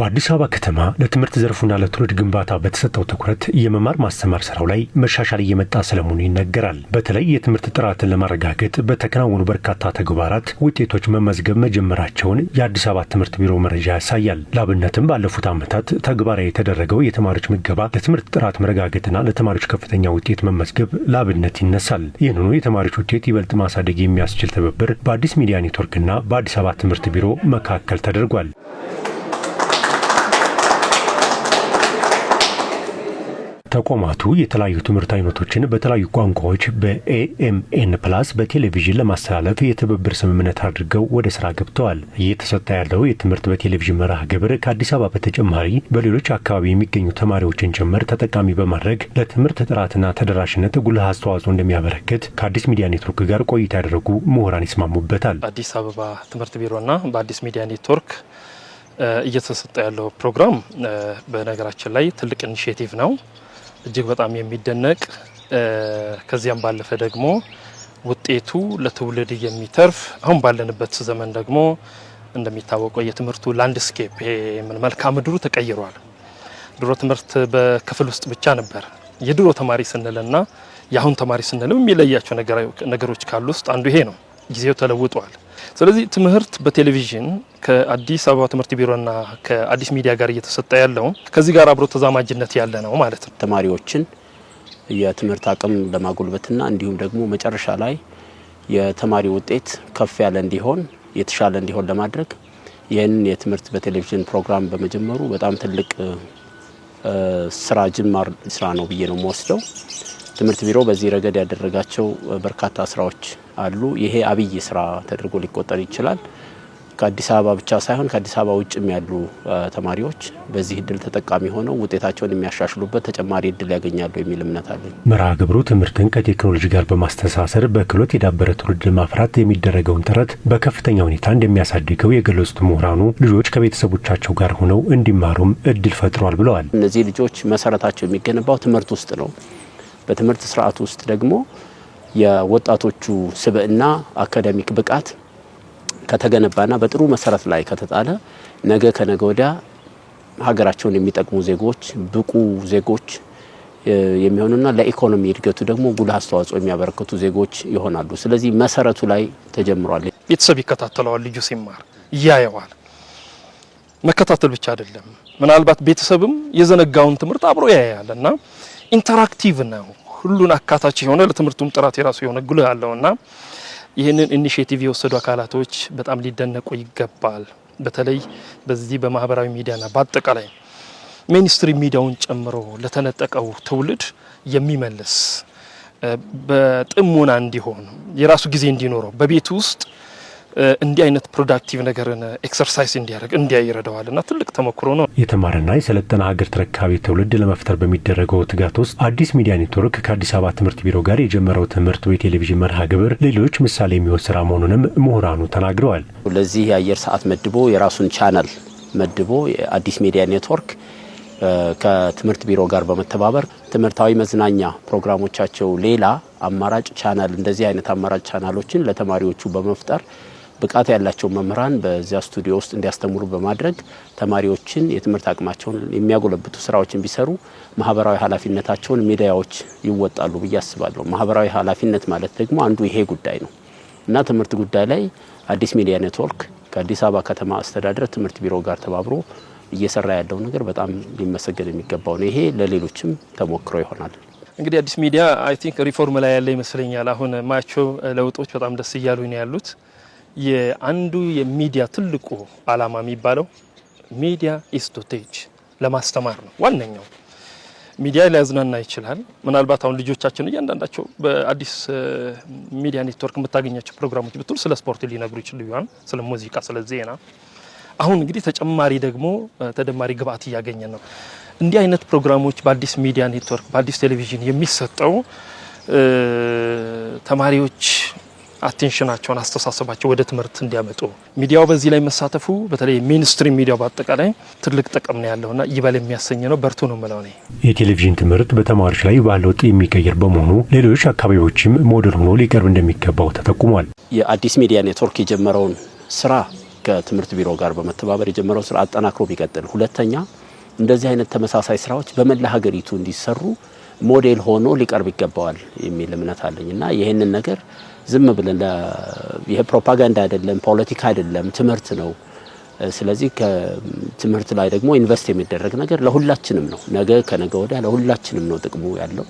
በአዲስ አበባ ከተማ ለትምህርት ዘርፉና ለትውልድ ግንባታ በተሰጠው ትኩረት የመማር ማስተማር ስራው ላይ መሻሻል እየመጣ ስለመሆኑ ይነገራል። በተለይ የትምህርት ጥራትን ለማረጋገጥ በተከናወኑ በርካታ ተግባራት ውጤቶች መመዝገብ መጀመራቸውን የአዲስ አበባ ትምህርት ቢሮ መረጃ ያሳያል። ላብነትም ባለፉት ዓመታት ተግባራዊ የተደረገው የተማሪዎች ምገባ ለትምህርት ጥራት መረጋገጥና ለተማሪዎች ከፍተኛ ውጤት መመዝገብ ላብነት ይነሳል። ይህንኑ የተማሪዎች ውጤት ይበልጥ ማሳደግ የሚያስችል ትብብር በአዲስ ሚዲያ ኔትወርክና በአዲስ አበባ ትምህርት ቢሮ መካከል ተደርጓል። ተቋማቱ የተለያዩ ትምህርት አይነቶችን በተለያዩ ቋንቋዎች በኤኤምኤን ፕላስ በቴሌቪዥን ለማስተላለፍ የትብብር ስምምነት አድርገው ወደ ስራ ገብተዋል። እየተሰጠ ያለው የትምህርት በቴሌቪዥን መርሃ ግብር ከአዲስ አበባ በተጨማሪ በሌሎች አካባቢ የሚገኙ ተማሪዎችን ጭምር ተጠቃሚ በማድረግ ለትምህርት ጥራትና ተደራሽነት ጉልህ አስተዋጽኦ እንደሚያበረክት ከአዲስ ሚዲያ ኔትወርክ ጋር ቆይታ ያደረጉ ምሁራን ይስማሙበታል። በአዲስ አበባ ትምህርት ቢሮና በአዲስ ሚዲያ ኔትወርክ እየተሰጠ ያለው ፕሮግራም በነገራችን ላይ ትልቅ ኢኒሽቲቭ ነው። እጅግ በጣም የሚደነቅ ከዚያም ባለፈ ደግሞ ውጤቱ ለትውልድ የሚተርፍ አሁን ባለንበት ዘመን ደግሞ እንደሚታወቀው የትምህርቱ ላንድስኬፕ መልክዓ ምድሩ ተቀይሯል። ድሮ ትምህርት በክፍል ውስጥ ብቻ ነበር። የድሮ ተማሪ ስንልና የአሁን ተማሪ ስንልም የሚለያቸው ነገሮች ካሉ ውስጥ አንዱ ይሄ ነው። ጊዜው ተለውጧል። ስለዚህ ትምህርት በቴሌቪዥን ከአዲስ አበባ ትምህርት ቢሮና ከአዲስ ሚዲያ ጋር እየተሰጠ ያለው ከዚህ ጋር አብሮ ተዛማጅነት ያለ ነው ማለት ነው። ተማሪዎችን የትምህርት አቅም ለማጎልበትና እንዲሁም ደግሞ መጨረሻ ላይ የተማሪ ውጤት ከፍ ያለ እንዲሆን የተሻለ እንዲሆን ለማድረግ ይህንን የትምህርት በቴሌቪዥን ፕሮግራም በመጀመሩ በጣም ትልቅ ስራ ጅማር ስራ ነው ብዬ ነው የምወስደው። ትምህርት ቢሮ በዚህ ረገድ ያደረጋቸው በርካታ ስራዎች አሉ። ይሄ አብይ ስራ ተደርጎ ሊቆጠር ይችላል። ከአዲስ አበባ ብቻ ሳይሆን ከአዲስ አበባ ውጭም ያሉ ተማሪዎች በዚህ እድል ተጠቃሚ ሆነው ውጤታቸውን የሚያሻሽሉበት ተጨማሪ እድል ያገኛሉ የሚል እምነት አለኝ። መርሃ ግብሩ ትምህርትን ከቴክኖሎጂ ጋር በማስተሳሰር በክህሎት የዳበረ ትውልድ ለማፍራት የሚደረገውን ጥረት በከፍተኛ ሁኔታ እንደሚያሳድገው የገለጹት ምሁራኑ ልጆች ከቤተሰቦቻቸው ጋር ሆነው እንዲማሩም እድል ፈጥሯል ብለዋል። እነዚህ ልጆች መሰረታቸው የሚገነባው ትምህርት ውስጥ ነው። በትምህርት ስርዓት ውስጥ ደግሞ የወጣቶቹ ስብዕና አካዳሚክ ብቃት ከተገነባና በጥሩ መሰረት ላይ ከተጣለ ነገ ከነገ ወዲያ ሀገራቸውን የሚጠቅሙ ዜጎች፣ ብቁ ዜጎች የሚሆኑና ለኢኮኖሚ እድገቱ ደግሞ ጉልህ አስተዋጽኦ የሚያበረክቱ ዜጎች ይሆናሉ። ስለዚህ መሰረቱ ላይ ተጀምሯል። ቤተሰብ ይከታተለዋል። ልጁ ሲማር እያየዋል። መከታተል ብቻ አይደለም፣ ምናልባት ቤተሰብም የዘነጋውን ትምህርት አብሮ ያያል እና ኢንተራክቲቭ ነው። ሁሉን አካታች የሆነ ለትምህርቱም ጥራት የራሱ የሆነ ጉልህ አለውና ይህንን ኢኒሽቲቭ የወሰዱ አካላቶች በጣም ሊደነቁ ይገባል። በተለይ በዚህ በማህበራዊ ሚዲያና በአጠቃላይ ሚኒስትሪ ሚዲያውን ጨምሮ ለተነጠቀው ትውልድ የሚመልስ በጥሞና እንዲሆን የራሱ ጊዜ እንዲኖረው በቤት ውስጥ እንዲህ አይነት ፕሮዳክቲቭ ነገርን ኤክሰርሳይዝ እንዲያደርግ እንዲያ ይረዳዋል እና ትልቅ ተሞክሮ ነው። የተማረና የሰለጠነ ሀገር ተረካቢ ትውልድ ለመፍጠር በሚደረገው ትጋት ውስጥ አዲስ ሚዲያ ኔትወርክ ከአዲስ አበባ ትምህርት ቢሮ ጋር የጀመረው ትምህርት በቴሌቪዥን መርሃ ግብር ሌሎች ምሳሌ የሚሆን ስራ መሆኑንም ምሁራኑ ተናግረዋል። ለዚህ የአየር ሰዓት መድቦ የራሱን ቻናል መድቦ የአዲስ ሚዲያ ኔትወርክ ከትምህርት ቢሮ ጋር በመተባበር ትምህርታዊ መዝናኛ ፕሮግራሞቻቸው ሌላ አማራጭ ቻናል እንደዚህ አይነት አማራጭ ቻናሎችን ለተማሪዎቹ በመፍጠር ብቃት ያላቸው መምህራን በዚያ ስቱዲዮ ውስጥ እንዲያስተምሩ በማድረግ ተማሪዎችን የትምህርት አቅማቸውን የሚያጎለብቱ ስራዎችን ቢሰሩ ማህበራዊ ኃላፊነታቸውን ሚዲያዎች ይወጣሉ ብዬ አስባለሁ። ማህበራዊ ኃላፊነት ማለት ደግሞ አንዱ ይሄ ጉዳይ ነው እና ትምህርት ጉዳይ ላይ አዲስ ሚዲያ ኔትወርክ ከአዲስ አበባ ከተማ አስተዳደር ትምህርት ቢሮ ጋር ተባብሮ እየሰራ ያለው ነገር በጣም ሊመሰገን የሚገባው ነው። ይሄ ለሌሎችም ተሞክሮ ይሆናል። እንግዲህ አዲስ ሚዲያ አይ ቲንክ ሪፎርም ላይ ያለ ይመስለኛል። አሁን ማያቸው ለውጦች በጣም ደስ እያሉኝ ነው ያሉት። የአንዱ የሚዲያ ትልቁ አላማ የሚባለው ሚዲያ ኢስቶቴጅ ለማስተማር ነው ዋነኛው። ሚዲያ ሊያዝናና ይችላል። ምናልባት አሁን ልጆቻችን እያንዳንዳቸው በአዲስ ሚዲያ ኔትወርክ የምታገኛቸው ፕሮግራሞች ብትል ስለ ስፖርት ሊነግሩ ይችሉ ይሆን፣ ስለ ሙዚቃ፣ ስለ ዜና። አሁን እንግዲህ ተጨማሪ ደግሞ ተደማሪ ግብአት እያገኘ ነው። እንዲህ አይነት ፕሮግራሞች በአዲስ ሚዲያ ኔትወርክ በአዲስ ቴሌቪዥን የሚሰጠው ተማሪዎች አቴንሽናቸውን አስተሳሰባቸው ወደ ትምህርት እንዲያመጡ ሚዲያው በዚህ ላይ መሳተፉ በተለይ ሜንስትሪም ሚዲያው በአጠቃላይ ትልቅ ጥቅም ነው ና ይበል የሚያሰኝ ነው። በርቱ ነው ምለው። የቴሌቪዥን ትምህርት በተማሪዎች ላይ ባለውጥ የሚቀየር በመሆኑ ሌሎች አካባቢዎችም ሞዴል ሆኖ ሊቀርብ እንደሚገባው ተጠቁሟል። የአዲስ ሚዲያ ኔትወርክ የጀመረውን ስራ ከትምህርት ቢሮ ጋር በመተባበር የጀመረውን ስራ አጠናክሮ ቢቀጥል፣ ሁለተኛ እንደዚህ አይነት ተመሳሳይ ስራዎች በመላ ሀገሪቱ እንዲሰሩ ሞዴል ሆኖ ሊቀርብ ይገባዋል የሚል እምነት አለኝ እና ይህንን ነገር ዝም ብለን ይሄ ፕሮፓጋንዳ አይደለም፣ ፖለቲካ አይደለም፣ ትምህርት ነው። ስለዚህ ከትምህርት ላይ ደግሞ ኢንቨስት የሚደረግ ነገር ለሁላችንም ነው። ነገ ከነገ ወዲያ ለሁላችንም ነው ጥቅሙ ያለው።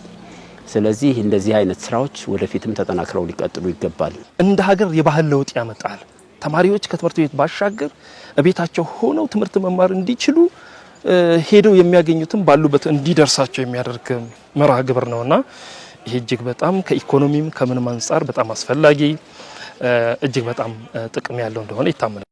ስለዚህ እንደዚህ አይነት ስራዎች ወደፊትም ተጠናክረው ሊቀጥሉ ይገባል። እንደ ሀገር የባህል ለውጥ ያመጣል። ተማሪዎች ከትምህርት ቤት ባሻገር ቤታቸው ሆነው ትምህርት መማር እንዲችሉ ሄደው የሚያገኙትም ባሉበት እንዲደርሳቸው የሚያደርግ መርሃ ግብር ነውና ይሄ እጅግ በጣም ከኢኮኖሚም ከምንም አንጻር በጣም አስፈላጊ እጅግ በጣም ጥቅም ያለው እንደሆነ ይታመናል።